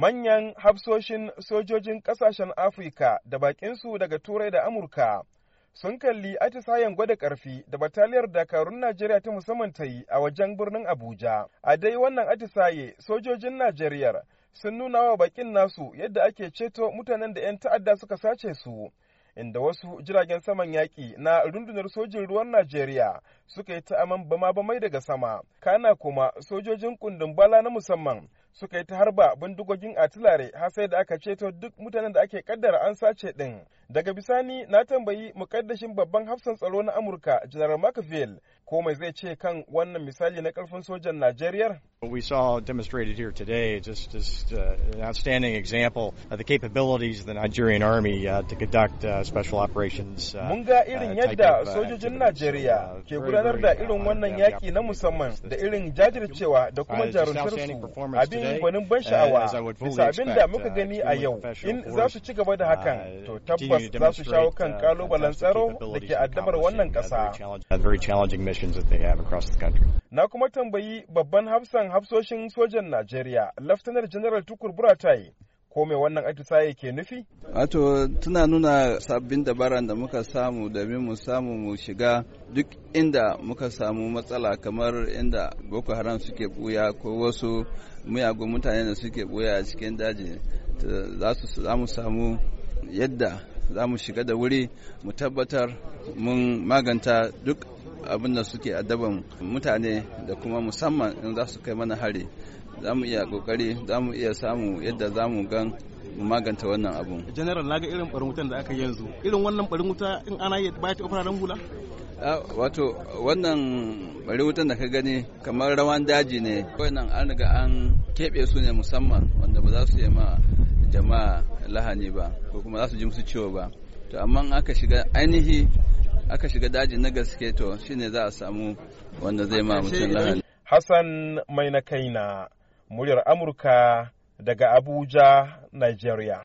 Manyan hafsoshin sojojin ƙasashen Afirka da baƙinsu daga Turai da Amurka sun kalli atisayen gwada ƙarfi da bataliyar dakarun Najeriya ta musamman ta yi a wajen birnin Abuja. A dai wannan atisaye sojojin Najeriya sun nuna wa baƙin nasu yadda ake ceto mutanen da 'yan ta'adda suka sace su. Inda wasu jiragen saman yaƙi na rundunar sojin ruwan Najeriya suka yi ta'aman bama-bamai daga sama, kana kuma sojojin kundin bala na musamman suka yi ta harba bindigogin a atilare har sai da aka ceto duk mutanen da ake kaddara an sace din. Daga bisani na tambayi mukaddashin babban hafsan tsaro na Amurka, General McVeigh, ko mai zai ce kan wannan misali na karfin sojan Najeriya? We saw demonstrated here today just, just uh, an outstanding example of the capabilities of the Nigerian army uh, to conduct uh, special operations. Uh, Mun ga irin uh, yadda uh, sojojin Najeriya ke gudanar da irin wannan yaki na musamman da irin jajircewa da kuma jarumtarsu abin gwanin ban sha'awa bisa abin da muka gani a yau in za su ci gaba da hakan to tabbas za su shawo kan kalubalen tsaro da ke addabar wannan ƙasa. positions that they have across the country. Na kuma tambayi babban hafsan hafsoshin sojan Najeriya, Laftanar General Tukur Buratai, ko me wannan atisaye ke nufi? Wato tuna nuna sabbin dabaran da muka samu domin mu samu mu shiga duk inda muka samu matsala kamar inda Boko Haram suke buya ko wasu miyagun mutane da suke buya a cikin daji za su samu samu yadda za mu shiga da wuri mu tabbatar mun maganta duk abin da suke daban mutane da kuma musamman in za su kai mana hari za mu iya kokari za mu iya samu yadda za mu gan maganta wannan abun. general na ga irin barin wutan da aka yanzu irin wannan barin wuta in ana yi ba ta fararen hula wato wannan barin wutan da ka gani kamar rawan daji ne nan an riga an keɓe su ne musamman wanda ba za su yi ma jama'a lahani ba ko kuma za su ji musu ciwo ba to amma aka shiga ainihi aka shiga daji na gaske to shi ne za a samu wanda zai ma mutum lahani hassan mai na kaina muryar amurka daga abuja nigeria